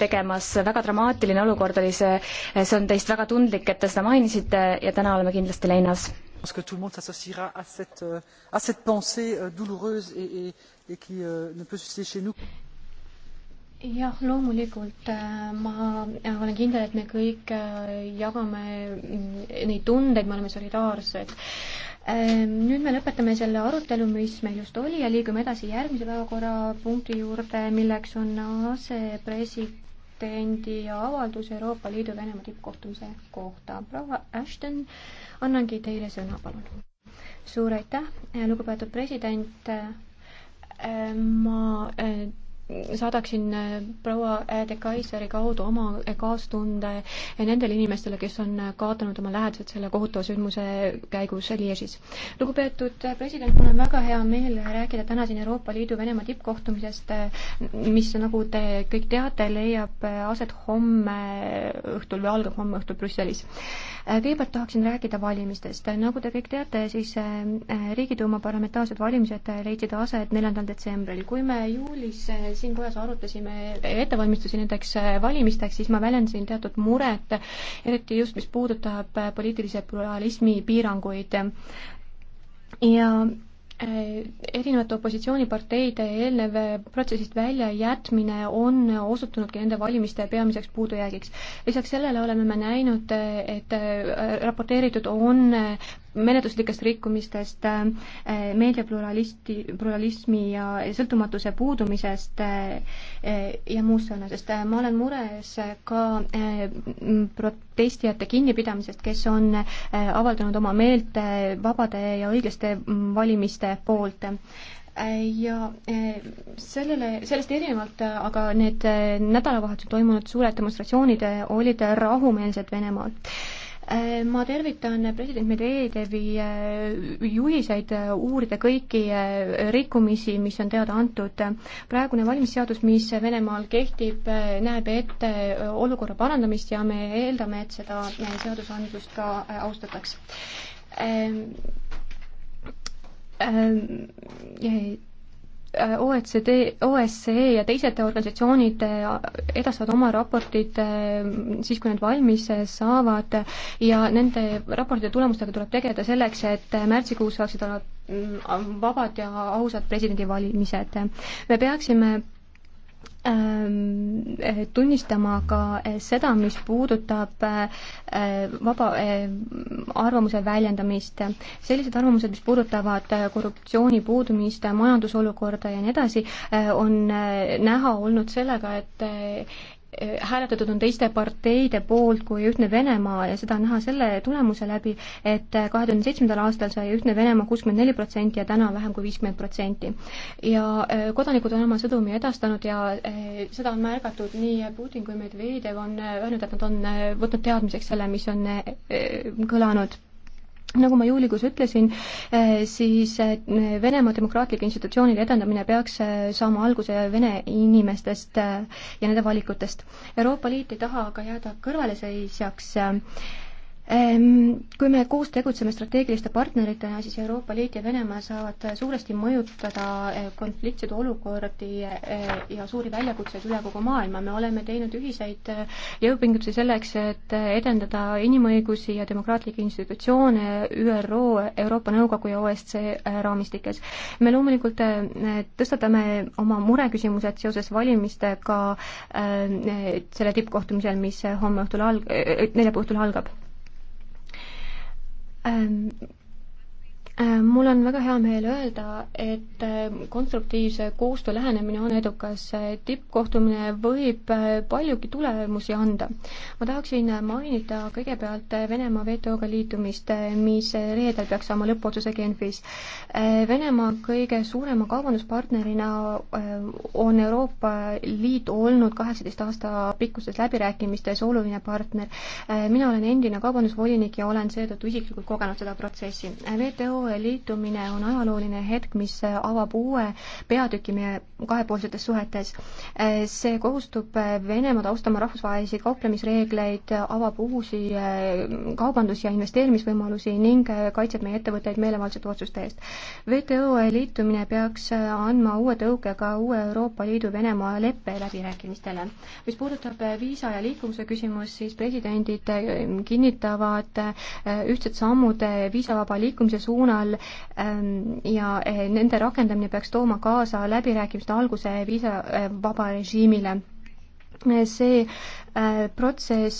tegemas, väga dramaatiline olukord oli see, see on teist väga tundlik, et te seda mainisite ja täna oleme kindlasti leinas. pense que tout le monde s'associera à cette, euh, à cette pensée euh, douloureuse et, et, et qui euh, ne peut susciter chez nous jah, loomulikult äh, ma äh, olen kindel, et me kõik äh, jagame mm, neid tundeid, me oleme solidaarsed. Nüüd me lõpetame selle arutelu, mis meil just oli ja liigume edasi järgmise päevakorrapunkti juurde, milleks on asepresident presidendi avaldus Euroopa Liidu Venemaa tippkohtumise kohta. proua Ashton, annangi teile sõna, palun. suur aitäh, lugupeetud president. Äh, ma äh, saadaksin äh, proua De Kaiseri kaudu oma kaastunde äh, nendele inimestele, kes on äh, kaotanud oma lähedased selle kohutava sündmuse käigus Liežis. lugupeetud president, mul on väga hea meel rääkida täna siin Euroopa Liidu Venemaa tippkohtumisest, mis, nagu te kõik teate, leiab aset homme õhtul või algab homme õhtul Brüsselis. kõigepealt tahaksin rääkida valimistest. nagu te kõik teate, siis Riigiduuma parlamentaarsed valimised leidsid aset neljandal detsembril. kui me juulis siin kojas arutasime ettevalmistusi nendeks äh, valimisteks, siis ma väljendasin teatud muret, eriti just, mis puudutab äh, poliitilise pluralismi piiranguid. ja äh, erinevate opositsiooniparteide eelnev protsessist väljajätmine on osutunudki nende valimiste peamiseks puudujäägiks. lisaks sellele oleme me näinud, et raporteeritud on menetluslikest rikkumistest, eh, meediapluralisti, pluralismi ja sõltumatuse puudumisest eh, ja muust sarnasest. Eh, ma olen mures ka protestijate kinnipidamisest, kes on avaldanud oma meelt vabade ja õiglaste mm, valimiste poolt ja sellele, sellest erinevalt aga need nädalavahetusel toimunud suured demonstratsioonid olid rahumeelsed Venemaal Äh, ma tervitan president Medvedevi äh, juhiseid äh, uurida kõiki rikkumisi, mis on teada antud. praegune valimisseadus, mis Venemaal kehtib, näeb ette olukorra parandamist ja me eeldame, et seda seadusandlust ka austataks. Äh, OECD, OSCE ja teised organisatsioonid äh, edastavad oma raportid äh, siis, kui need valmis saavad ja nende raportide tulemustega tuleb tegeleda selleks, et märtsikuus saaksid olla mm, vabad ja ausad presidendivalimised. me peaksime Ähm, äh, tunnistama ka äh, seda, mis puudutab äh, vaba arvamuse väljendamist. sellised arvamused, mis puudutavad korruptsiooni puudumist, majandusolukorda ja nii edasi, on näha olnud sellega, et Äh, hääletatud on teiste parteide poolt kui Ühtne Venemaa ja seda on näha selle tulemuse läbi, et äh, kahe tuhande seitsmendal aastal sai Ühtne Venemaa kuuskümmend neli protsenti ja täna vähem kui viiskümmend protsenti. ja äh, kodanikud on oma sõdumi edastanud ja seda on märgatud nii Putin kui Medvedev on öelnud, et nad on võtnud teadmiseks selle, mis on kõlanud nagu ma juulikuus ütlesin, eh, siis eh, Venemaa demokraatlike institutsioonide edendamine peaks eh, saama alguse Vene inimestest ja nende valikutest. Euroopa Liit ei taha aga jääda kõrvaleseisjaks Ehm, kui me koos tegutseme strateegiliste partneritena, siis Euroopa Liit ja Venemaa saavad suuresti mõjutada eh, konfliktseid olukordi eh, ja suuri väljakutseid üle kogu maailma. me oleme teinud ühiseid eh, jõupingutusi selleks, et edendada inimõigusi ja demokraatlikke institutsioone ÜRO, Euroopa Nõukogu ja OSCE raamistikes. me loomulikult tõstatame oma mureküsimused seoses valimistega selle tippkohtumisel, mis homme õhtul alg-, neljapäeva õhtul algab ähm, Äh, mul on väga hea meel öelda, et äh, konstruktiivse koostöö lähenemine on edukas. Äh, tippkohtumine võib paljugi tulemusi anda. ma tahaksin mainida kõigepealt Venemaa WTO-ga liitumist, mis reedel peaks saama lõppotsuse Genfis. Venemaa kõige suurema kaubanduspartnerina on Euroopa Liit olnud kaheksateist aasta pikkustes läbirääkimistes oluline partner. mina olen endine kaubandusvolinik ja olen seetõttu isiklikult kogenud seda protsessi. WTO uue liitumine on ajalooline hetk, mis avab uue peatüki meie kahepoolsetes suhetes. see kohustub Venemaad austama rahvusvahelisi kauplemisreegleid, avab uusi eh, kaubandus- ja investeerimisvõimalusi ning eh, kaitseb meie ettevõtteid meelevaldsete otsuste eest. WTO liitumine peaks andma uue tõuke ka uue Euroopa Liidu Venemaa leppe läbirääkimistele. mis puudutab eh, viisa ja liikuvuse küsimust, siis presidendid kinnitavad ühtsed sammud viisavaba liikumise suunas, mujal ähm, ja äh, nende rakendamine peaks tooma kaasa läbirääkimiste alguse viisavaba äh, režiimile see äh, protsess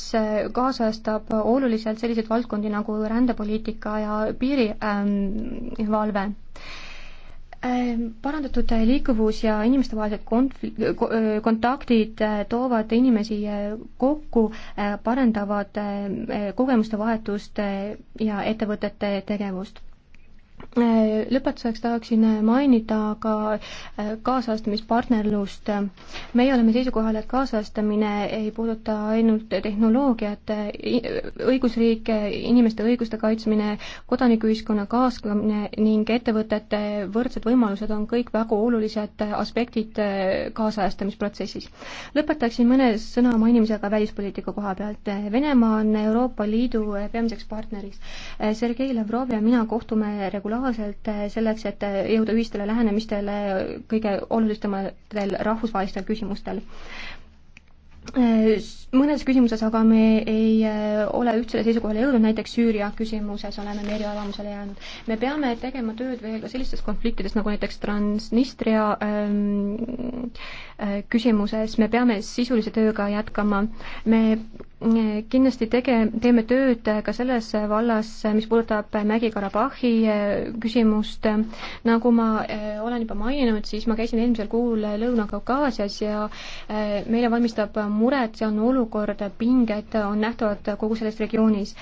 kaasajastab oluliselt selliseid valdkondi nagu rändepoliitika ja piirivalve ähm, ähm, parandatud liikuvus ja inimestevahelised konfl-, kontaktid toovad inimesi kokku, parendavad kogemuste vahetust ja ettevõtete tegevust Äh, lõpetuseks tahaksin äh, mainida ka äh, kaasajastamispartnerlust. meie oleme seisukohal, et kaasajastamine ei puuduta ainult tehnoloogiat, õigusriik, inimeste õiguste kaitsmine, kodanikuühiskonna kaaskamine ning ettevõtete võrdsed võimalused on kõik väga olulised aspektid kaasajastamisprotsessis. lõpetaksin mõne sõna mainimisega välispoliitika koha pealt. Venemaa on Euroopa Liidu peamiseks partneriks. Sergei Lavrov ja mina kohtume regulaarselt horisontaalselt eh, selleks, et eh, jõuda ühistele lähenemistele kõige olulisematel rahvusvahelistel küsimustel. Eh, Mõnes küsimuses aga me ei ole ühtsele seisukohale jõudnud, näiteks Süüria küsimuses oleme me eriarvamusele jäänud. me peame tegema tööd veel ka sellistes konfliktides nagu näiteks Transnistria ähm, küsimuses, me peame sisulise tööga jätkama, me kindlasti tege-, teeme tööd ka selles vallas, mis puudutab Mägi-Karabahhi äh, küsimust. nagu ma äh, olen juba maininud, siis ma käisin eelmisel kuul Lõuna-Kaukaasias ja äh, meile valmistab muret, see on olukord, pinged on nähtavad kogu selles regioonis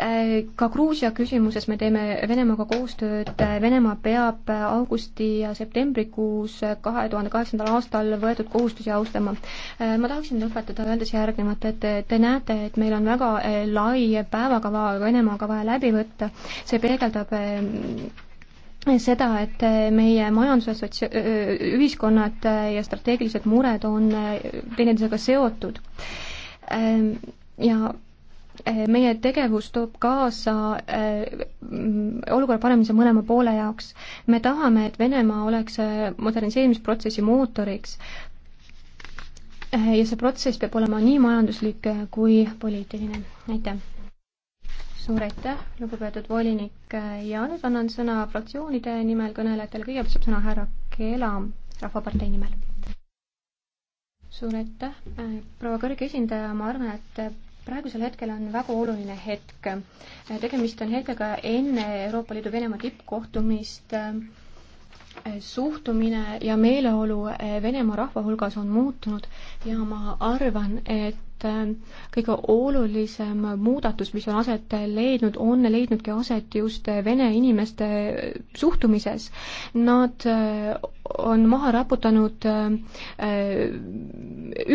Äh, ka Gruusia küsimuses me teeme Venemaaga koostööd, äh, Venemaa peab augusti ja septembrikuus kahe tuhande kaheksandal aastal võetud kohustusi austama. Äh, ma tahaksin lõpetada öeldes järgnevat, et te näete, et meil on väga lai päevakava Venemaaga vaja läbi võtta, see peegeldab seda, et meie majanduse sotsia-, ühiskonnad ja strateegilised mured on teineteisega seotud ja Eh, meie tegevus toob kaasa eh, olukorra paremise mõlema poole jaoks. me tahame, et Venemaa oleks eh, moderniseerimisprotsessi mootoriks ja see protsess peab olema nii majanduslik kui poliitiline. aitäh! suur aitäh, lugupeetud volinik ja nüüd annan sõna fraktsioonide nimel kõnelejatele, kõigepealt saab sõna härra Keela Rahvapartei nimel. suur aitäh, proua kõrge esindaja, ma arvan, et praegusel hetkel on väga oluline hetk. tegemist on hetkega enne Euroopa Liidu Venemaa tippkohtumist suhtumine ja meeleolu eh, Venemaa rahva hulgas on muutunud ja ma arvan, et eh, kõige olulisem muudatus, mis on aset leidnud, on leidnudki aset just vene inimeste eh, suhtumises. Nad on maha raputanud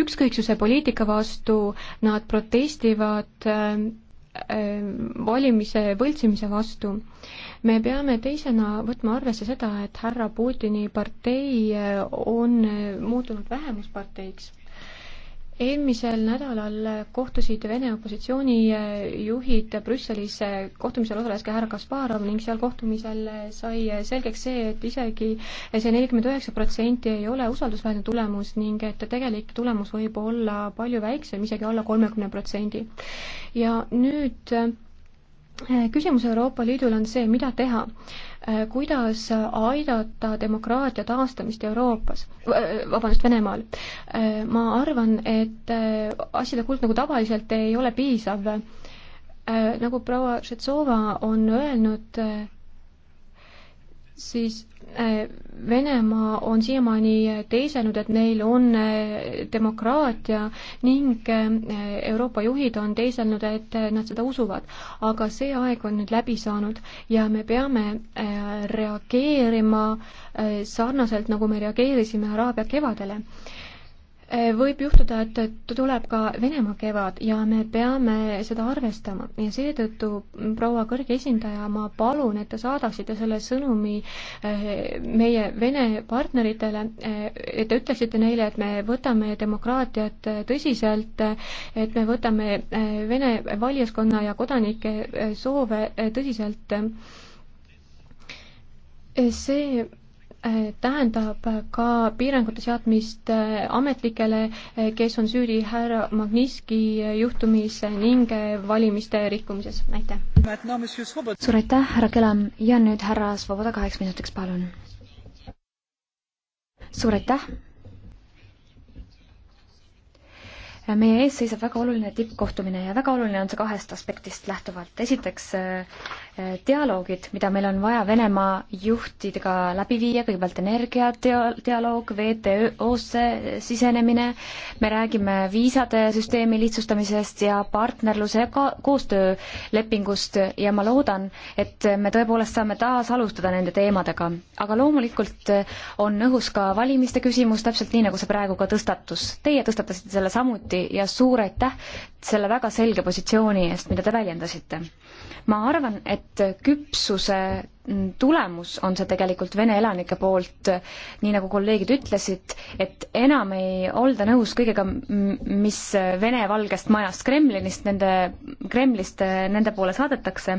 ükskõiksuse poliitika vastu, nad protestivad Ähm, valimise võltsimise vastu. me peame teisena võtma arvesse seda, et härra Putini partei äh, on äh, muutunud vähemusparteiks eelmisel nädalal kohtusid Vene opositsioonijuhid Brüsselis, kohtumisel osales ka härra Kasparov ning seal kohtumisel sai selgeks see, et isegi see nelikümmend üheksa protsenti ei ole usaldusväärne tulemus ning et tegelik tulemus võib olla palju väiksem, isegi alla kolmekümne protsendi. ja nüüd Äh, küsimus Euroopa Liidul on see, mida teha, äh, kuidas aidata demokraatia taastamist Euroopas, äh, vabandust, Venemaal. ma arvan, et asjade kuld nagu tavaliselt ei ole piisav. nagu proua Šetsova on öelnud, siis äh, Venemaa on siiamaani teisenud, et neil on äh, demokraatia ning äh, Euroopa juhid on teiselnud, et nad seda usuvad. aga see aeg on nüüd läbi saanud ja me peame reageerima sarnaselt, nagu me reageerisime Araabia kevadele. Eh, võib juhtuda, et tuleb ka Venemaa kevad ja me peame seda arvestama ja seetõttu, proua kõrge esindaja, ma palun, et te saadaksite selle sõnumi eh, meie Vene partneritele, eh, et te ütleksite neile, et me võtame demokraatiat tõsiselt, et me võtame Vene valijaskonna ja kodanike soove tõsiselt. see tähendab ka piirangute seadmist äh, ametlikele, äh, kes on süüdi härra Magnitski äh, juhtumis ning valimiste rikkumises, aitäh. suur aitäh, härra Kelam ja nüüd härra Svoboda kaheks minutiks, palun. suur aitäh meie ees seisab väga oluline tippkohtumine ja väga oluline on see kahest aspektist lähtuvalt. esiteks äh, äh, dialoogid, mida meil on vaja Venemaa juhtidega läbi viia, kõigepealt energiadialoog, WTO-sse sisenemine, me räägime viisade süsteemi lihtsustamisest ja partnerluse ja ka koostöölepingust ja ma loodan, et me tõepoolest saame taas alustada nende teemadega. aga loomulikult äh, on õhus ka valimiste küsimus, täpselt nii, nagu see praegu ka tõstatus. Teie tõstatasite selle samuti, parlamenti ja suur aitäh selle väga selge positsiooni eest, mida te väljendasite. ma arvan, et küpsuse tulemus on see tegelikult Vene elanike poolt, nii nagu kolleegid ütlesid, et enam ei olda nõus kõigega, mis Vene Valgest Majast Kremlinist, nende, Kremlist nende poole saadetakse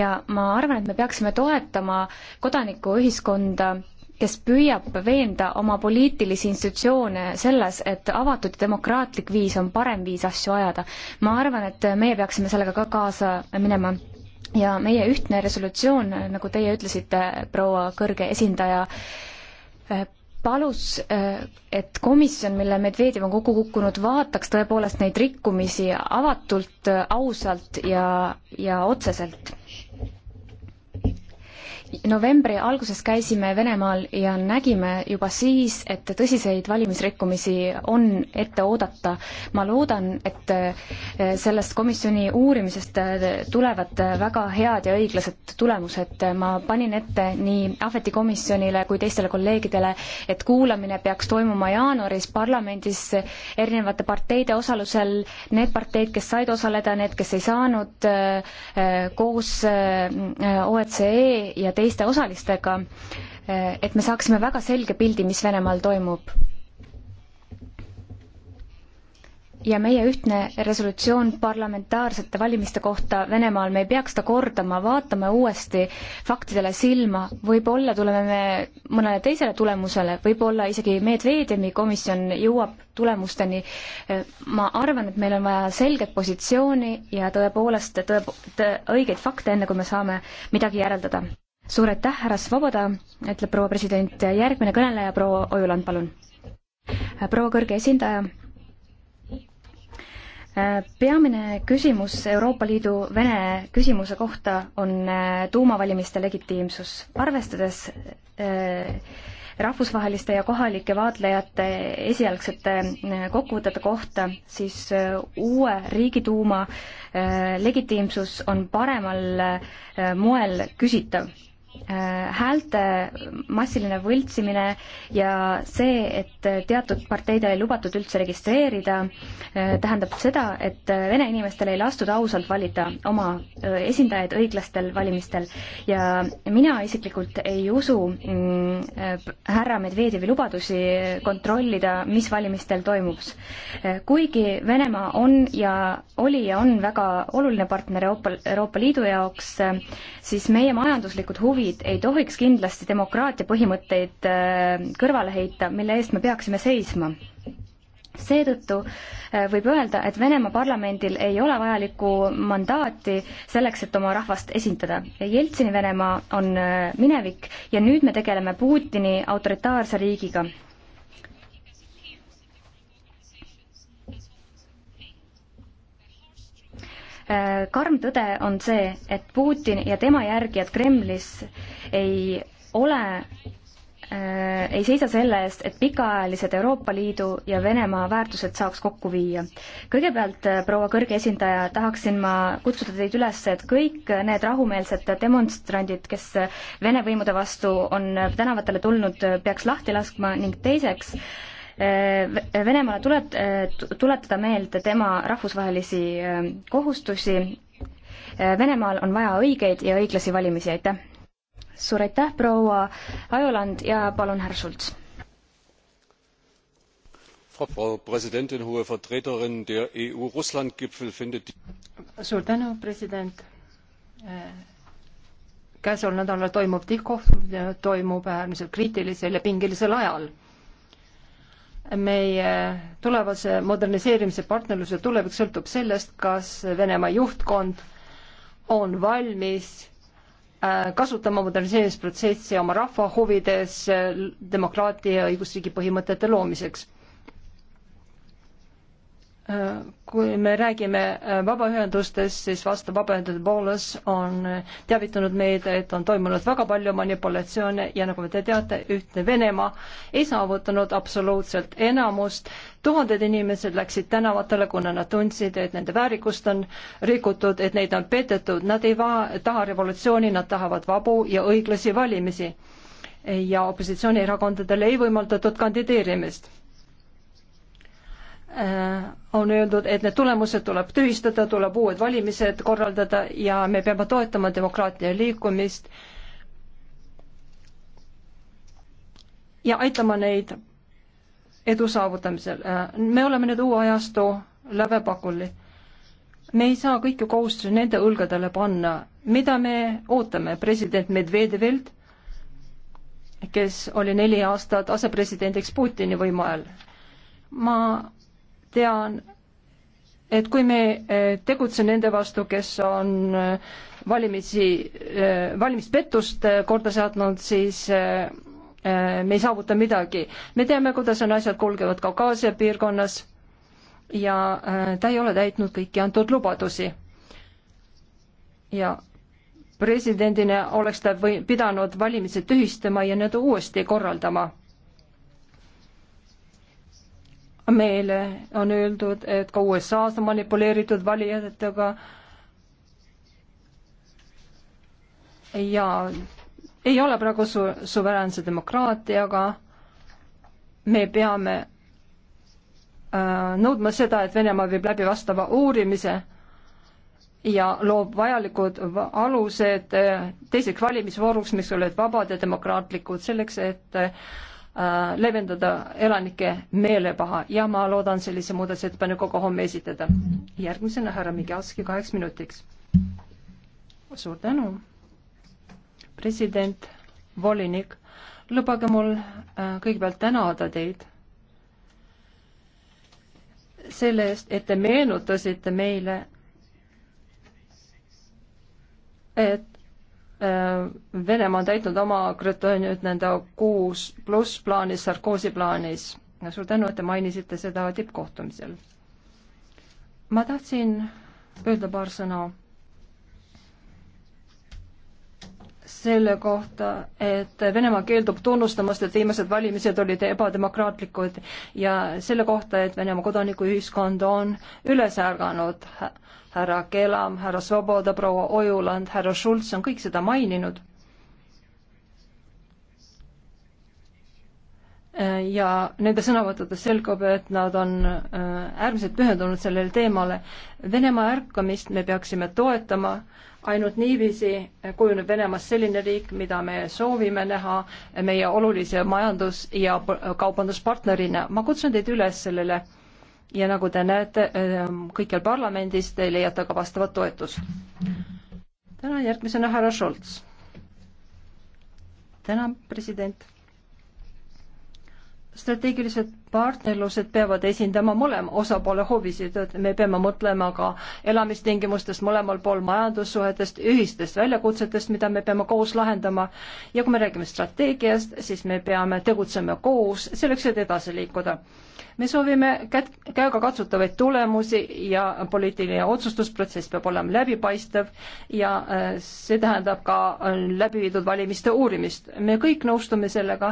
ja ma arvan, et me peaksime toetama kodanikuühiskonda kes püüab veenda oma poliitilisi institutsioone selles, et avatud ja demokraatlik viis on parem viis asju ajada. ma arvan, et meie peaksime sellega ka kaasa minema ja meie ühtne resolutsioon, nagu teie ütlesite, proua kõrge esindaja, eh, palus, eh, et komisjon, mille Medvedjev on kokku kukkunud, vaataks tõepoolest neid rikkumisi avatult, eh, ausalt ja, ja otseselt novembri alguses käisime Venemaal ja nägime juba siis, et tõsiseid valimisrikkumisi on ette oodata. ma loodan, et eh, sellest komisjoni uurimisest eh, tulevad väga head ja õiglased tulemused. ma panin ette nii Ahveti komisjonile kui teistele kolleegidele, et kuulamine peaks toimuma jaanuaris parlamendis erinevate parteide osalusel. Need parteid, kes said osaleda, need, kes ei saanud, eh, koos OSCE e ja teiste osalistega, eh, et me saaksime väga selge pildi, mis Venemaal toimub. ja meie ühtne resolutsioon parlamentaarsete valimiste kohta Venemaal, me ei peaks seda kordama, vaatame uuesti faktidele silma, võib-olla tuleme me mõnele teisele tulemusele, võib-olla isegi Medvedjevi komisjon jõuab tulemusteni. Eh, ma arvan, et meil on vaja selget positsiooni ja tõepoolest tõe, tõe, õigeid fakte, enne kui me saame midagi järeldada suur aitäh, härra Svoboda, ütleb proua president, järgmine kõneleja, proua Ojuland, palun. proua kõrge esindaja, peamine küsimus Euroopa Liidu Vene küsimuse kohta on äh, tuumavalimiste legitiimsus, arvestades äh, rahvusvaheliste ja kohalike vaatlejate esialgsete äh, kokkuvõtete kohta, siis uue Riigiduuma legitiimsus on paremal moel küsitav Äh, häälte massiline võltsimine ja see, et teatud parteidel ei lubatud üldse registreerida, äh, tähendab seda, et äh, vene inimestel ei lastud ausalt valida oma esindajaid õiglastel valimistel ja mina isiklikult ei usu mm, härra Medvedjevi lubadusi kontrollida, mis valimistel toimub. kuigi Venemaa on ja oli ja on väga oluline partner Euroopa, Euroopa Liidu jaoks, siis meie majanduslikud huvid kuid ei tohiks kindlasti demokraatia põhimõtteid äh, kõrvale heita, mille eest me peaksime seisma. seetõttu äh, võib öelda, et Venemaa parlamendil ei ole vajalikku mandaati selleks, et oma rahvast esindada. Jeltsini Venemaa on äh, minevik ja nüüd me tegeleme Putini autoritaarse riigiga Äh, karm tõde on see, et Putin ja tema järgijad Kremlis ei ole äh, ei seisa selle eest, et pikaajalised Euroopa Liidu ja Venemaa väärtused saaks kokku viia. kõigepealt, äh, proua kõrge esindaja, tahaksin ma kutsuda teid üles, et kõik need rahumeelsed demonstrandid, kes Vene võimude vastu on tänavatele tulnud, peaks lahti laskma ning teiseks äh, Äh, Venemaale tulet-, äh, tuletada meelde tema rahvusvahelisi äh, kohustusi. Venemaal on vaja õigeid ja õiglasi valimisi, aitäh! suur aitäh, proua Ajoland ja palun, härra Schulz! frau präsidentin hohe vertreterin! der eu russland gipfel findet käesoleval nädalal toimuv tippkohtumine toimub äärmiselt kriitilisel ja pingelisel ajal meie tulevase moderniseerimise partnerluse tulevik sõltub sellest, kas Venemaa juhtkond on valmis äh, kasutama moderniseerimisprotsessi oma rahva huvides demokraatia ja õigusriigi põhimõtete loomiseks kui me räägime äh, vabaühendustest, siis vastav vabaühenduste poolus on äh, teavitanud meid, et on toimunud väga palju manipulatsioone ja nagu te teate, ühtne Venemaa ei saavutanud absoluutselt enamust. tuhanded inimesed läksid tänavatele, kuna nad tundsid, et nende väärikust on rikutud, et neid on petetud, nad ei taha revolutsiooni, nad tahavad vabu ja õiglasi valimisi. ja opositsioonierakondadele ei võimaldatud kandideerimist Äh, on öeldud, et need tulemused tuleb tühistada, tuleb uued valimised korraldada ja me peame toetama demokraatia liikumist ja aitama neid edu saavutamisel. Äh, me oleme nüüd uue ajastu lävepakuli. me ei saa kõiki kohustusi nende õlgadele panna. mida me ootame president Medvedevilt, kes oli neli aastat asepresidendiks Putini võimu ajal? ma tean, et kui me eh, tegutse nende vastu, kes on eh, valimisi, eh, valimispettust korda saatnud, siis me ei saavuta midagi. me teame, kuidas on asjad kulgevad Kaukaasia piirkonnas ja ta ei ole täitnud kõiki antud lubadusi. ja presidendina oleks ta või pidanud valimised tühistama ja need uuesti korraldama meile on öeldud, et ka USA-s on manipuleeritud valijatega ja ei ole praegu su suveräänse demokraatiaga. me peame äh, nõudma seda, et Venemaa viib läbi vastava uurimise ja loob vajalikud alused äh, teiseks valimisvooruks, mis olid vabad ja demokraatlikud, selleks et äh, Äh, leevendada elanike meelepaha ja ma loodan sellise muudatusettepanekuga homme esitada. järgmisena härra Migalski kaheks minutiks. suur tänu, president, volinik, lubage mul äh, kõigepealt tänada teid selle eest, et te meenutasite meile, et Äh, Venemaa on täitnud oma nüüd nende kuus pluss plaanis, Sarkozy plaanis. suur tänu, et te mainisite seda tippkohtumisel. ma tahtsin öelda paar sõna selle kohta, et Venemaa keeldub tunnustamast, et viimased valimised olid ebademokraatlikud ja selle kohta, et Venemaa kodanikuühiskond on üles ärganud. härra Kelam, härra Svoboda, proua Ojuland, härra Schulz on kõik seda maininud. ja nende sõnavõttudes selgub, et nad on äh, äärmiselt pühendunud sellele teemale. Venemaa ärkamist me peaksime toetama ainult niiviisi kujuneb Venemaast selline riik, mida me soovime näha meie olulise majandus- ja kaubanduspartnerina. ma kutsun teid üles sellele ja nagu te näete, ehm, kõikjal parlamendis te leiate ka vastavat toetust. tänan järgmisena härra Scholz. tänan, president strateegilised partnerlused peavad esindama mõlema osapoole huvisid, et me peame mõtlema ka elamistingimustest mõlemal pool majandussuhetest, ühistest väljakutsetest, mida me peame koos lahendama. ja kui me räägime strateegiast, siis me peame tegutsema koos selleks, et edasi liikuda me soovime kätt, käega katsutavaid tulemusi ja poliitiline otsustusprotsess peab olema läbipaistev ja äh, see tähendab ka äh, läbi viidud valimiste uurimist. me kõik nõustume sellega,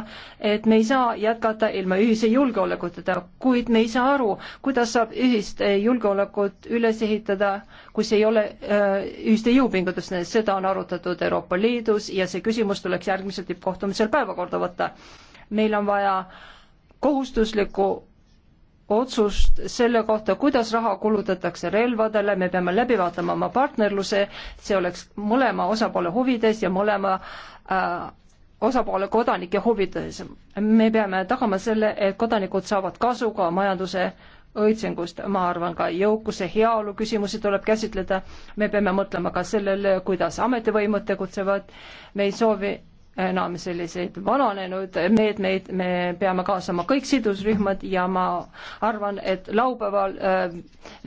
et me ei saa jätkata ilma ühise julgeolekuta, kuid me ei saa aru, kuidas saab ühist äh, julgeolekut üles ehitada, kus ei ole ühiste jõupingutustest, seda on arutatud Euroopa Liidus ja see küsimus tuleks järgmisel tippkohtumisel päevakorda võtta. meil on vaja kohustuslikku otsust selle kohta, kuidas raha kulutatakse relvadele, me peame läbi vaatama oma partnerluse, see oleks mõlema osapoole huvides ja mõlema äh, osapoole kodanike huvides. me peame tagama selle, et kodanikud saavad kasu ka majanduse õitsengust, ma arvan, ka jõukuse, heaolu küsimusi tuleb käsitleda. me peame mõtlema ka sellele, kuidas ametivõimud tegutsevad. me ei soovi enam selliseid vananenud meetmeid, me peame kaasama kõik sidusrühmad ja ma arvan, et laupäeval äh,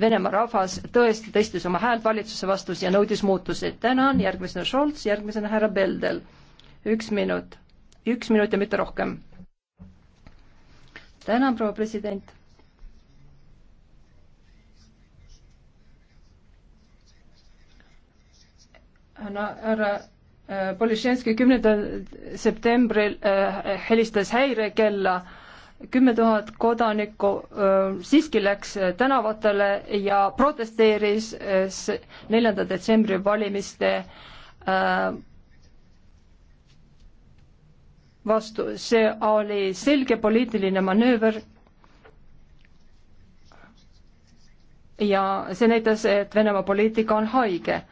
Venemaa rahvas tõesti tõstis oma häält valitsuse vastu ja nõudis muutusi. tänan, järgmisena Scholz, järgmisena härra Beldel. üks minut, üks minut ja mitte rohkem. tänan, proua president härra Polišenski kümnendal septembril äh, helistas häirekella, kümme tuhat kodanikku äh, siiski läks äh, tänavatele ja protesteeris neljanda detsembri valimiste vastu, see oli selge poliitiline manööver ja see näitas, et Venemaa poliitika on haige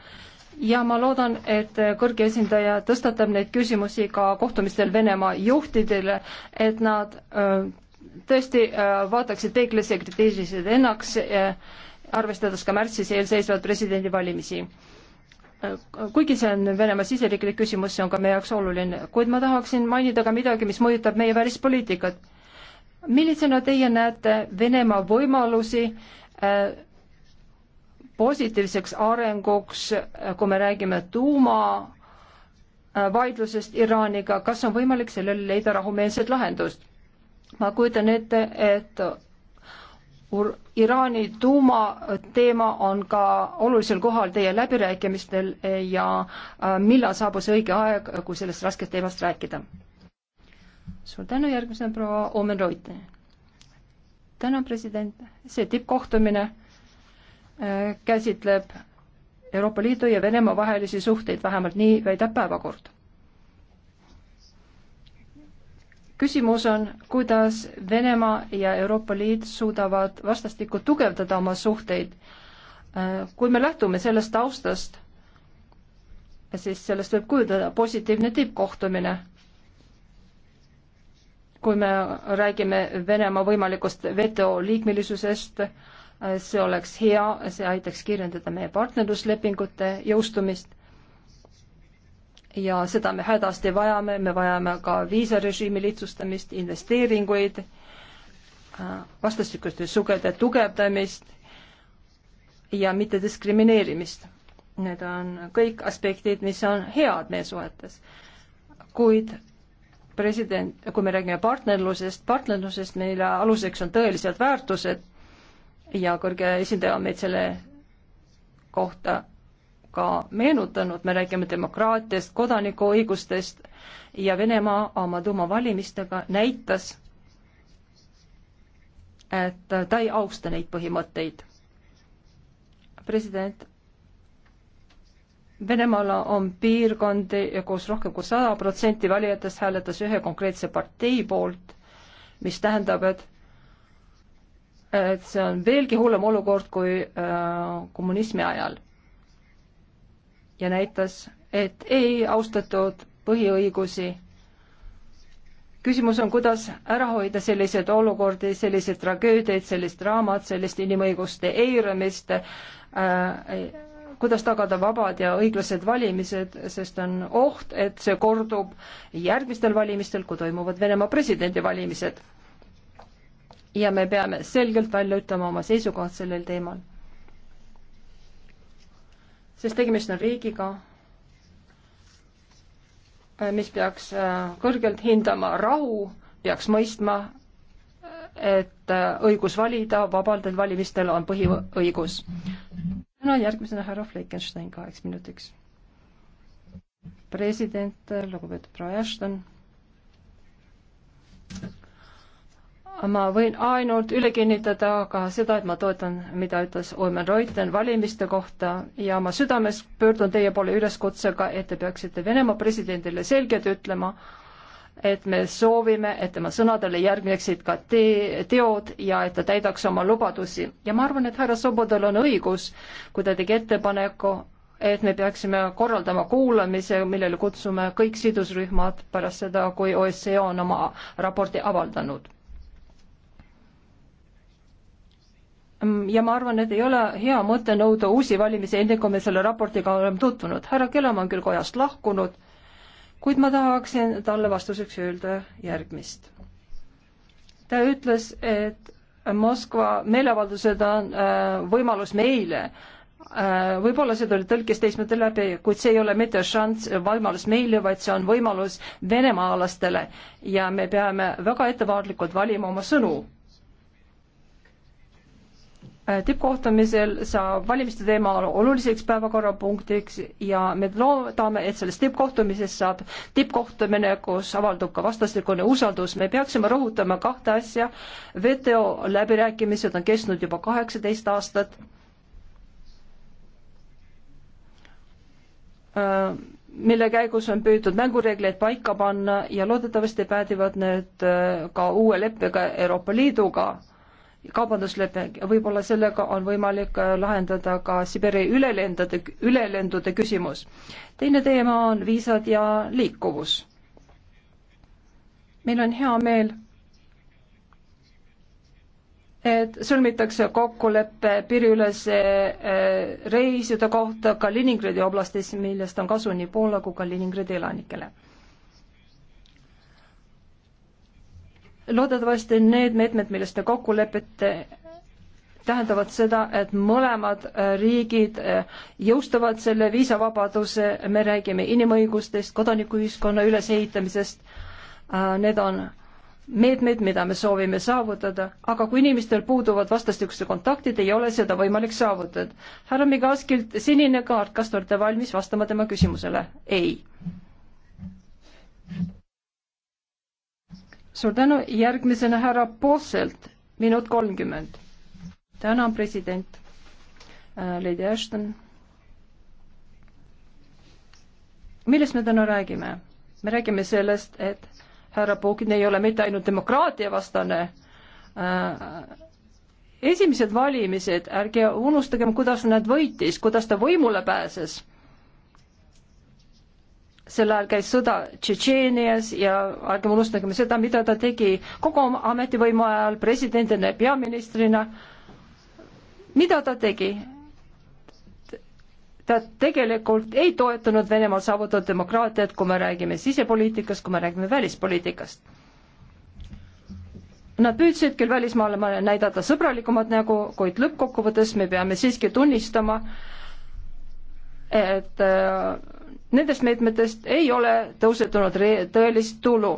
ja ma loodan, et kõrge esindaja tõstatab neid küsimusi ka kohtumistel Venemaa juhtidele, et nad tõesti vaataksid peeglisse ja kritiseerisid ennaks, arvestades ka märtsis eelseisvat presidendivalimisi. kuigi see on Venemaa siseriiklik küsimus, see on ka meie jaoks oluline, kuid ma tahaksin mainida ka midagi, mis mõjutab meie välispoliitikat. millisena teie näete Venemaa võimalusi äh, positiivseks arenguks, kui me räägime tuumavaidlusest Iraaniga, kas on võimalik sellele leida rahumeelset lahendust? ma kujutan ette, et Iraani tuumateema on ka olulisel kohal teie läbirääkimistel ja äh, millal saabus õige aeg, kui sellest raskest teemast rääkida? suur tänu, järgmisena proua Omen Reutner. tänan, president, see tippkohtumine Äh, käsitleb Euroopa Liidu ja Venemaa vahelisi suhteid, vähemalt nii väidab päevakord. küsimus on, kuidas Venemaa ja Euroopa Liit suudavad vastastikku tugevdada oma suhteid. Äh, kui me lähtume sellest taustast, siis sellest võib kujundada positiivne tippkohtumine. kui me räägime Venemaa võimalikust WTO liikmelisusest, see oleks hea, see aitaks kiirendada meie partnerluslepingute jõustumist. ja seda me hädasti vajame, me vajame ka viisarežiimi lihtsustamist, investeeringuid, vastastikuste sugede tugevdamist ja mittediskrimineerimist. Need on kõik aspektid, mis on head meie suhetes. kuid president, kui me räägime partnerlusest, partnerlusest meile aluseks on tõelised väärtused ja kõrge esindaja on meid selle kohta ka meenutanud, me räägime demokraatiast, kodanikuõigustest ja Venemaa oma tuumavalimistega näitas, et ta ei austa neid põhimõtteid. president, Venemaal on piirkondi, kus rohkem kui sada protsenti valijatest hääletas ühe konkreetse partei poolt, mis tähendab, et et see on veelgi hullem olukord kui äh, kommunismi ajal. ja näitas, et ei austatud põhiõigusi. küsimus on, kuidas ära hoida selliseid olukordi, selliseid tragöödiaid, sellist draamat, sellist inimõiguste eiramist äh,, kuidas tagada vabad ja õiglased valimised, sest on oht, et see kordub järgmistel valimistel, kui toimuvad Venemaa presidendivalimised ja me peame selgelt välja ütlema oma seisukohad sellel teemal. sest tegemist on riigiga, äh, mis peaks äh, kõrgelt hindama rahu, peaks mõistma, et äh, õigus valida vabadel valimistel on põhiõigus. täna no, järgmisena härra Fleckenstein kaheks minutiks. president, lugupeetud proua Ashton ma võin ainult üle kinnitada ka seda, et ma toetan, mida ütles Oimen Reuten valimiste kohta ja ma südames pöördun teie poole üleskutsega, et te peaksite Venemaa presidendile selgelt ütlema, et me soovime, et tema sõnadele järgneksid ka te teod ja et ta täidaks oma lubadusi. ja ma arvan, et härra Sobodal on õigus, kui ta tegi ettepaneku, et me peaksime korraldama kuulamise, millele kutsume kõik sidusrühmad pärast seda, kui OSCE on oma raporti avaldanud Mm, ja ma arvan, et ei ole hea mõte nõuda uusi valimisi, enne kui me selle raportiga oleme tutvunud. härra Kelam on küll kojast lahkunud, kuid ma tahaksin talle vastuseks öelda järgmist. ta ütles, et Moskva meeleavaldused on äh, võimalus meile äh,, võib-olla see tuli tõlkes teistmoodi läbi, kuid see ei ole mitte šanss, võimalus meile, vaid see on võimalus venemaalastele ja me peame väga ettevaatlikult valima oma sõnu Äh, tippkohtumisel saab valimiste teema oluliseks päevakorrapunktiks ja me loodame, et sellest tippkohtumisest saab tippkohtumine, kus avaldub ka vastastikune usaldus. me peaksime rõhutama kahte asja. WTO läbirääkimised on kestnud juba kaheksateist aastat. Äh, mille käigus on püütud mängureegleid paika panna ja loodetavasti päädivad need äh, ka uue leppega Euroopa Liiduga kaubandusleping ja võib-olla sellega on võimalik äh, lahendada ka Siberi ülelendude, ülelendude küsimus. teine teema on viisad ja liikuvus. meil on hea meel, et sõlmitakse kokkulepe piiriülese äh, reiside kohta Kaliningradi oblastis, millest on kasu nii Poola kui ka Kaliningradi elanikele loodetavasti need meetmed, milles te kokku lepite, tähendavad seda, et mõlemad äh, riigid äh, jõustuvad selle viisavabaduse, me räägime inimõigustest, kodanikuühiskonna ülesehitamisest. Äh, need on meetmed, mida me soovime saavutada, aga kui inimestel puuduvad vastastikused kontaktid, ei ole seda võimalik saavutada. härra Migaskilt sinine kaart, kas te olete valmis vastama tema küsimusele? ei suur tänu, järgmisena härra Posselt, minut kolmkümmend. tänan, president äh,, Lady Ashton. millest me täna räägime? me räägime sellest, et härra Putin ei ole mitte ainult demokraatia vastane äh,, esimesed valimised, ärge unustagem, kuidas nad võitis, kuidas ta võimule pääses sel ajal käis sõda Tšetšeenias ja ärgem unustagem seda, mida ta tegi kogu oma ametivõimu ajal presidendina ja peaministrina. mida ta tegi? ta tegelikult ei toetanud Venemaal saavutatud demokraatiat, kui me räägime sisepoliitikast, kui me räägime välispoliitikast. Nad püüdsid küll välismaale näidata sõbralikumat nägu, kuid lõppkokkuvõttes me peame siiski tunnistama, et äh, nendest meetmetest ei ole tõusetunud tõelist tulu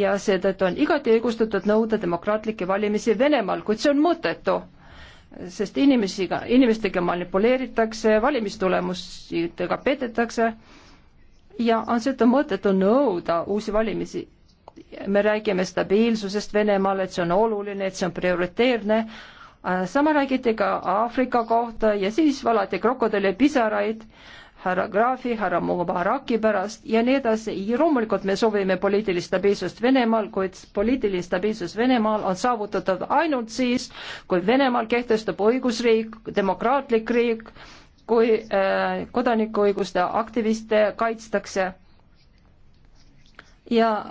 ja seetõttu on igati õigustatud nõuda demokraatlikke valimisi Venemaal, kuid see on mõttetu, sest inimesiga, inimestega manipuleeritakse, valimistulemustega petetakse ja on seetõttu mõttetu nõuda uusi valimisi. me räägime stabiilsusest Venemaal, et see on oluline, et see on prioriteerne, sama räägiti ka Aafrika kohta ja siis valati krokodillipisaraid, pisaraid härra Graafi, härra Mubaraki pärast ja nii edasi. loomulikult me soovime poliitilist stabiilsust Venemaal, kuid poliitiline stabiilsus Venemaal on saavutatav ainult siis, kui Venemaal kehtestub õigusriik, demokraatlik riik, kui äh, kodanikuõiguste aktiviste kaitstakse ja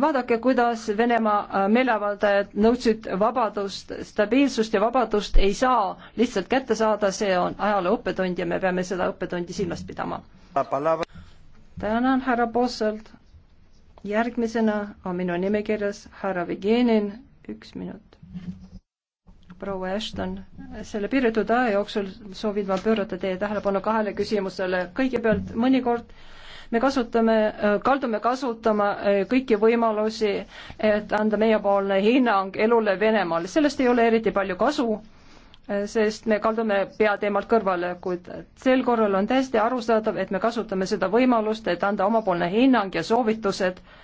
vaadake, kuidas Venemaa äh, meeleavaldajad nõudsid vabadust, stabiilsust ja vabadust ei saa lihtsalt kätte saada, see on ajaloo õppetund ja me peame seda õppetundi silmas pidama. tänan, härra Posselt. järgmisena on minu nimekirjas härra Vigenin, üks minut. proua Ashton, selle piiratud aja jooksul soovin ma pöörata teie tähelepanu kahele küsimusele. kõigepealt mõnikord äh, me kasutame, äh, kaldume kasutama äh, kõiki võimalusi, et anda meiepoolne hinnang elule Venemaal, sellest ei ole eriti palju kasu äh, sest me kaldume peateemalt kõrvale, kuid sel korral on täiesti arusaadav, et me kasutame seda võimalust, et anda omapoolne hinnang ja soovitused äh,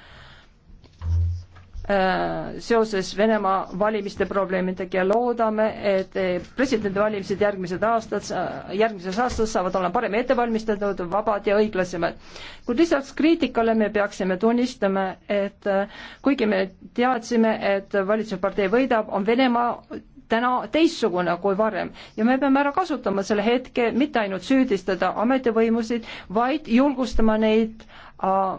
Äh, seoses Venemaa valimiste probleemidega ja loodame, et eh, presidendivalimised järgmised aastad, äh, järgmises aastas saavad olema paremini ettevalmistatud, vabad ja õiglasemad. kuid lisaks kriitikale me peaksime tunnistama, et äh, kuigi me teadsime, et valitsuspartei võidab, on Venemaa täna teistsugune kui varem ja me peame ära kasutama selle hetke, mitte ainult süüdistada ametivõimusid, vaid julgustama neid äh,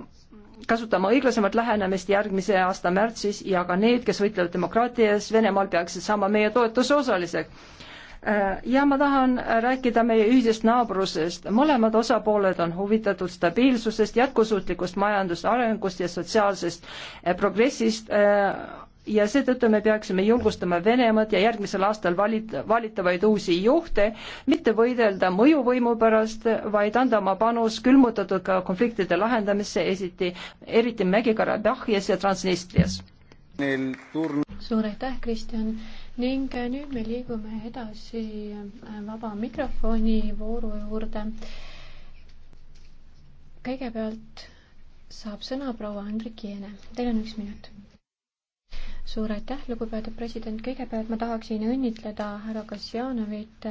kasutama õiglasemat lähenemist järgmise aasta märtsis ja ka need, kes võitlevad demokraatia eest Venemaal, peaksid saama meie toetuse osaliseks äh, ja ma tahan rääkida meie ühisest naabrusest. mõlemad osapooled on huvitatud stabiilsusest, jätkusuutlikust majandusarengust ja sotsiaalsest äh, progressist äh, ja seetõttu me peaksime julgustama Venemaad ja järgmisel aastal valit-, valitavaid uusi juhte, mitte võidelda mõjuvõimu pärast, vaid anda oma panus külmutatud ka konfliktide lahendamisse, esiti eriti Mägi-Karabahhis ja Transnistrias. suur aitäh, Kristjan, ning äh, nüüd me liigume edasi äh, vaba mikrofoni vooru juurde. kõigepealt saab sõna proua Andrik Jeene, teil on üks minut suur aitäh, lugupeetud president, kõigepealt ma tahaksin õnnitleda härra Kassianovit,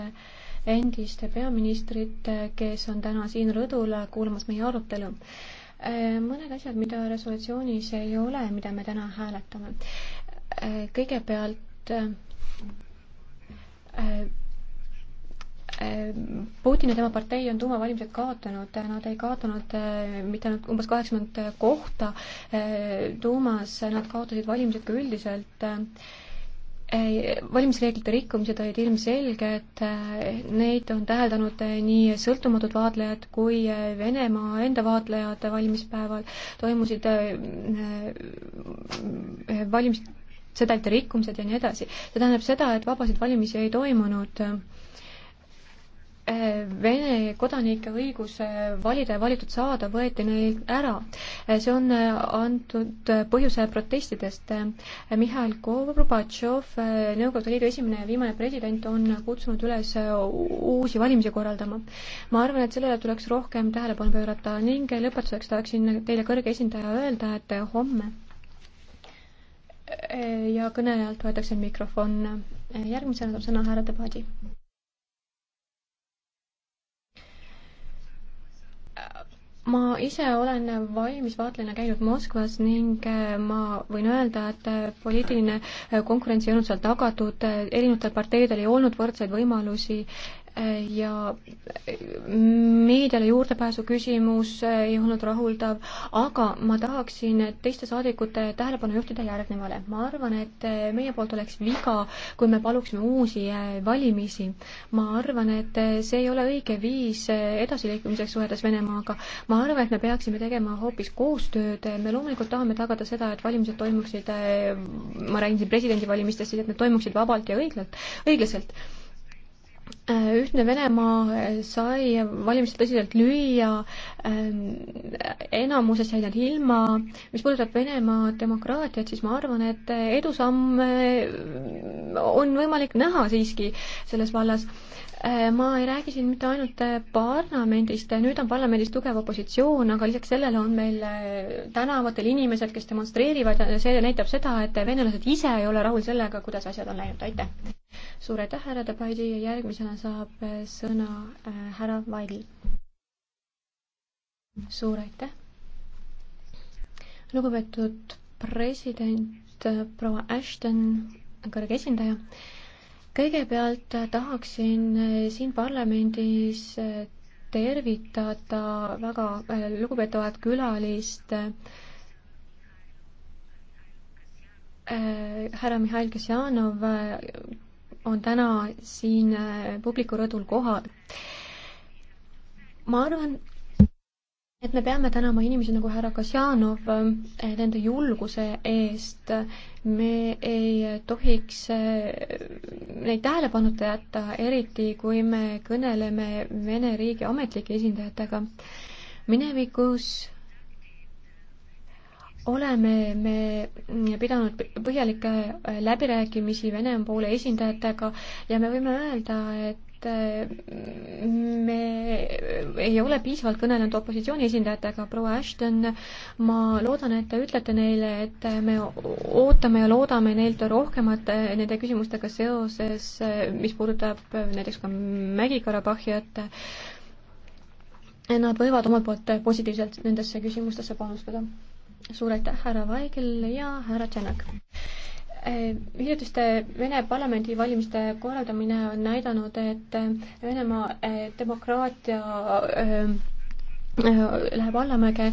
endist peaministrit, kes on täna siin rõdul kuulamas meie arutelu mõned asjad, mida resolutsioonis ei ole, mida me täna hääletame. kõigepealt Putin ja tema partei on tuumavalimised kaotanud, nad ei kaotanud eh, mitte ainult umbes kaheksakümmend kohta eh, tuumas, nad kaotasid valimised ka üldiselt eh, valimisreeglite rikkumised olid ilmselged, neid on täheldanud nii sõltumatud vaatlejad kui Venemaa enda vaatlejad valimispäeval, toimusid valimissedelite rikkumised ja nii edasi. see tähendab seda, et vabasid valimisi ei toimunud Vene kodanike õigus eh, valida ja valitud saada võeti neil ära. Eh, see on eh, antud põhjuse protestidest. Mihhail Gorbatšov, Nõukogude Liidu esimene ja viimane president, on kutsunud üles uusi valimisi korraldama. ma arvan, et sellele tuleks rohkem tähelepanu pöörata ning lõpetuseks tahaksin teile, kõrge esindaja, öelda, et homme ja kõnelejalt võetakse mikrofon. järgmisena saab sõna härra Debadi. ma ise olen valimisvaatlejana käinud Moskvas ning äh, ma võin öelda, et äh, poliitiline äh, konkurents ei olnud seal tagatud, erinevatel parteidel ei olnud võrdseid võimalusi ja meediale juurdepääsu küsimus ei olnud rahuldav, aga ma tahaksin teiste saadikute tähelepanu juhtida järgnevale. ma arvan, et meie poolt oleks viga, kui me paluksime uusi valimisi. ma arvan, et see ei ole õige viis edasiliikumiseks suhetes Venemaaga. ma arvan, et me peaksime tegema hoopis koostööd, me loomulikult tahame tagada seda, et valimised toimuksid, ma räägin siin presidendivalimistest, et need toimuksid vabalt ja õiglalt, õiglaselt Äh, ühtne Venemaa äh, sai valimised tõsiselt lüüa, ähm, enamuses jäi nad ilma, mis puudutab Venemaa demokraatiat, siis ma arvan, et äh, edusamme on võimalik näha siiski selles vallas Äh, ma ei räägi siin mitte ainult äh, parlamendist, äh, nüüd on parlamendis tugev opositsioon, aga lisaks sellele on meil tänavatel inimesed, kes demonstreerivad ja see näitab seda, et venelased ise ei ole rahul sellega, kuidas asjad on läinud, aitäh. suur aitäh, härra Tabaidi ja järgmisena saab sõna härra Vaidl. suur aitäh. lugupeetud president, proua Ashton, kõrge esindaja kõigepealt tahaksin eh, siin parlamendis eh, tervitada väga eh, lugupeetavat külalist härra Mihhail Kasjanov on täna siin publiku rõdul kohal. ma arvan, et me peame tänama inimesi nagu härra Kasjanov eh, nende julguse eest. me ei tohiks eh, neid tähelepanuta jätta, eriti kui me kõneleme Vene riigi ametlike esindajatega. minevikus oleme me pidanud põhjalikke eh, läbirääkimisi Venemaa poole esindajatega ja me võime öelda, et Mm, me ei ole piisavalt kõnelenud opositsiooni esindajatega, proua Ashton, ma loodan, et te ütlete neile, et me ootame ja loodame neilt rohkemat nende küsimustega seoses, mis puudutab näiteks ka Mägi-Karabahhi, et nad võivad omalt poolt positiivselt nendesse küsimustesse panustada. suur aitäh, härra Vaigel ja härra Tšenak! hiljutiste Vene parlamendivalimiste korraldamine on näidanud, et Venemaa eh, demokraatia eh, eh, läheb allamäge.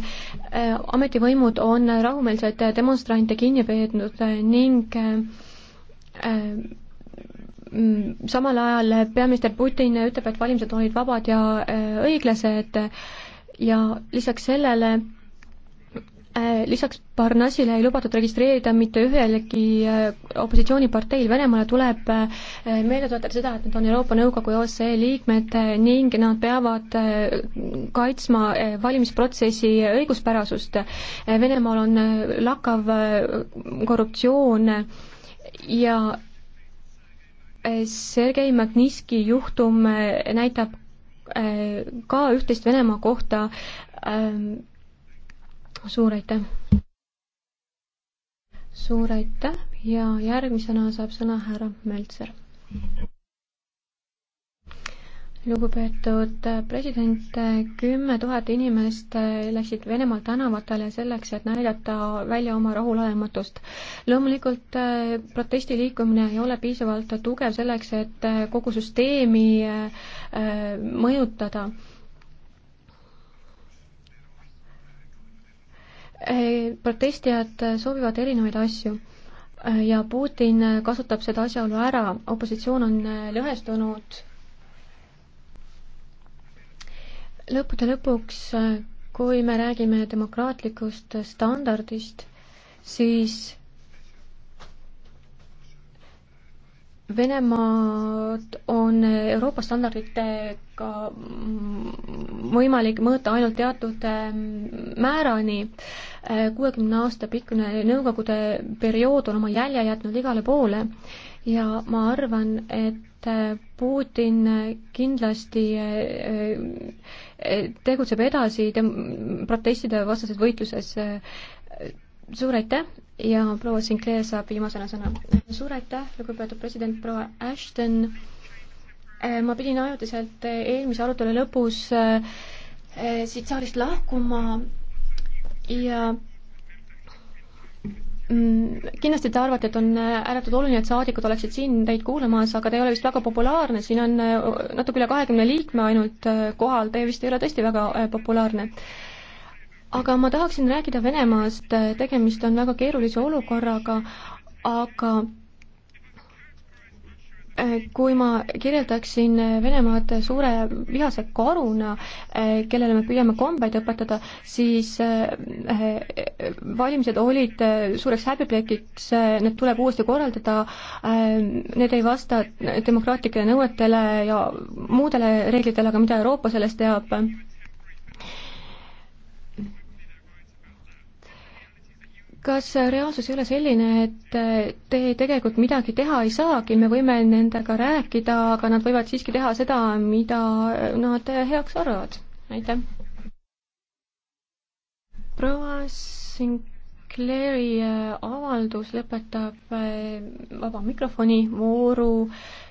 ametivõimud on rahumeelseid demonstrante kinni peetnud ning mm, samal ajal peaminister Putin ütleb, et valimised olid vabad ja õiglased ja lisaks sellele Äh, lisaks Parnassile ei lubatud registreerida mitte ühelegi äh, opositsiooniparteil. Venemaale tuleb äh, meelde tuletada seda, et nad on Euroopa Nõukogu ja OSCE liikmed ning nad peavad kaitsma valimisprotsessi õiguspärasust. Venemaal on lakkav korruptsioon ja Sergei Magnitski juhtum näitab ka üht-teist Venemaa kohta ähm, suur aitäh! suur aitäh ja järgmisena saab sõna härra Möltser. lugupeetud president, kümme tuhat inimest läksid Venemaal tänavatele selleks, et näidata välja oma rahulolematust. loomulikult protestiliikumine ei ole piisavalt tugev selleks, et kogu süsteemi äh, mõjutada Eh, protestijad soovivad erinevaid asju eh, ja Putin kasutab seda asjaolu ära, opositsioon on eh, lõhestunud. lõppude lõpuks, kui me räägime demokraatlikust standardist, siis Venemaad on Euroopa standarditega võimalik mõõta ainult teatud ehm, määrani. Ehm, kuuekümne aasta pikkune Nõukogude periood on oma jälje jätnud igale poole ja ma arvan, et ehm, Putin kindlasti tegutseb edasi protestide vastases võitluses. suur aitäh ja proua Sinclair saab viimasena sõna. suur aitäh, lugupeetud president proua Ashton. Äh, ma pidin ajutiselt äh, eelmise arutelu lõpus äh, siit saalist lahkuma ja mm, kindlasti te arvate, et on ääretult oluline, et saadikud oleksid siin teid kuulamas, aga te ei ole vist väga populaarne, siin on natuke üle kahekümne liikme ainult kohal, te vist ei ole tõesti väga populaarne aga ma tahaksin rääkida Venemaast, tegemist on väga keerulise olukorraga, aga äh, kui ma kirjeldaksin Venemaad suure vihase karuna, äh, kellele me püüame kombeid õpetada, siis äh, valimised olid suureks häbiplekiks, need tuleb uuesti korraldada, need ei vasta demokraatlikele nõuetele ja muudele reeglitele, aga mida Euroopa sellest teab kas reaalsus ei ole selline, et te tegelikult midagi teha ei saagi, me võime nendega rääkida, aga nad võivad siiski teha seda, mida nad heaks arvavad? aitäh. proua Sinclairi äh, avaldus lõpetab äh, vaba mikrofoni vooru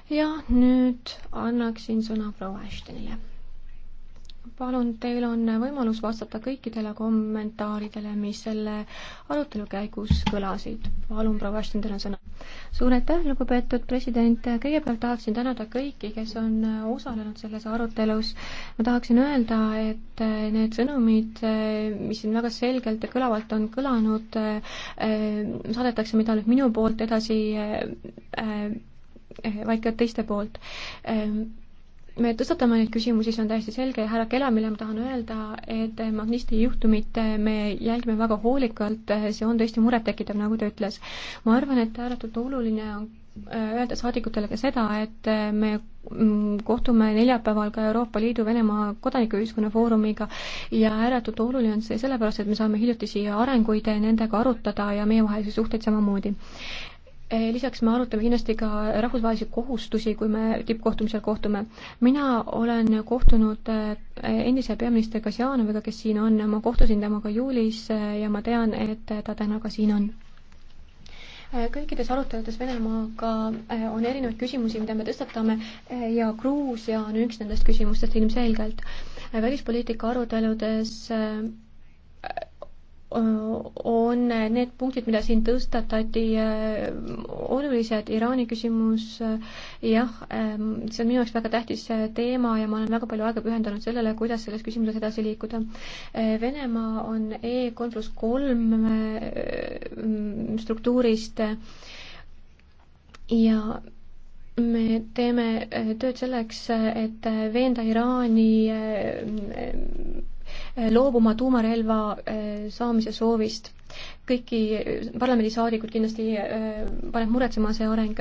ja nüüd annaksin sõna proua Ashtonile palun, teil on võimalus vastata kõikidele kommentaaridele, mis selle arutelu käigus kõlasid. palun, proua Ashton, teil on sõna. suur aitäh, lugupeetud president, kõigepealt tahaksin tänada kõiki, kes on osalenud selles arutelus. ma tahaksin öelda, et need sõnumid, mis siin väga selgelt ja kõlavalt on kõlanud, eh, saadetakse mitte ainult minu poolt edasi, eh, eh, vaid ka teiste poolt me tõstatame neid küsimusi, see on täiesti selge, härra Kelamile ma tahan öelda, et Magnisti juhtumit me jälgime väga hoolikalt, see on tõesti murettekitav, nagu ta ütles. ma arvan, et ääretult oluline on äh, öelda saadikutele ka seda, et äh, me mm, kohtume neljapäeval ka Euroopa Liidu Venemaa kodanikuühiskonna foorumiga ja ääretult oluline on see sellepärast, et me saame hiljutisi arenguid nendega arutada ja meievahelisi suhteid samamoodi. Eh, lisaks me arutame kindlasti ka rahvusvahelisi kohustusi, kui me tippkohtumisel kohtume. mina olen kohtunud eh, endise peaministriga Sjanoviga, kes siin on, ma kohtusin temaga juulis eh, ja ma tean, et ta täna ka siin on. kõikides aruteludes Venemaaga on erinevaid küsimusi, mida me tõstatame ja Gruusia on üks nendest küsimustest ilmselgelt. välispoliitika aruteludes on need punktid, mida siin tõstatati, olulised, Iraani küsimus, jah, see on minu jaoks väga tähtis teema ja ma olen väga palju aega pühendanud sellele, kuidas selles küsimuses edasi liikuda. Venemaa on E kolm pluss kolm struktuurist ja me teeme tööd selleks, et veenda Iraani loobuma tuumarelva äh, saamise soovist. kõiki parlamendisaadikud kindlasti äh, paneb muretsema see areng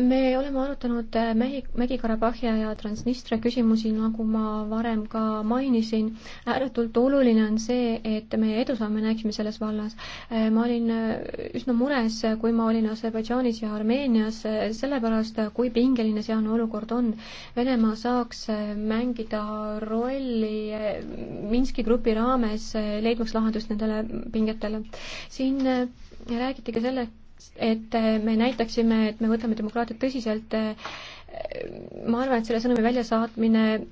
me oleme arutanud äh, Mehi-, Mägi-Karabahhi ja Transnistria küsimusi, nagu ma varem ka mainisin. ääretult oluline on see, et me edusamme näeksime selles vallas. Äh, ma olin äh, üsna mures, kui ma olin Aserbaidžaanis ja Armeenias, sellepärast kui pingeline sealne olukord on. Venemaa saaks mängida rolli Minski grupi raames, leidmaks lahendust nendele pingetele. siin räägiti ka selle, et me näitaksime, et me võtame demokraatiat tõsiselt. ma arvan, et selle sõnumi väljasaatmine äh,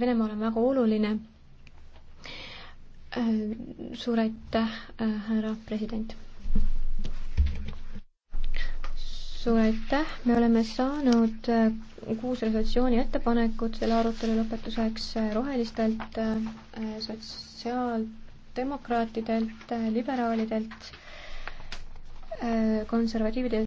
Venemaale on väga oluline. Äh, suur aitäh, äh, härra president. suur aitäh, me oleme saanud kuus resolutsiooni ettepanekut selle arutelu lõpetuseks rohelistelt, sotsiaaldemokraatidelt, liberaalidelt konservatiivide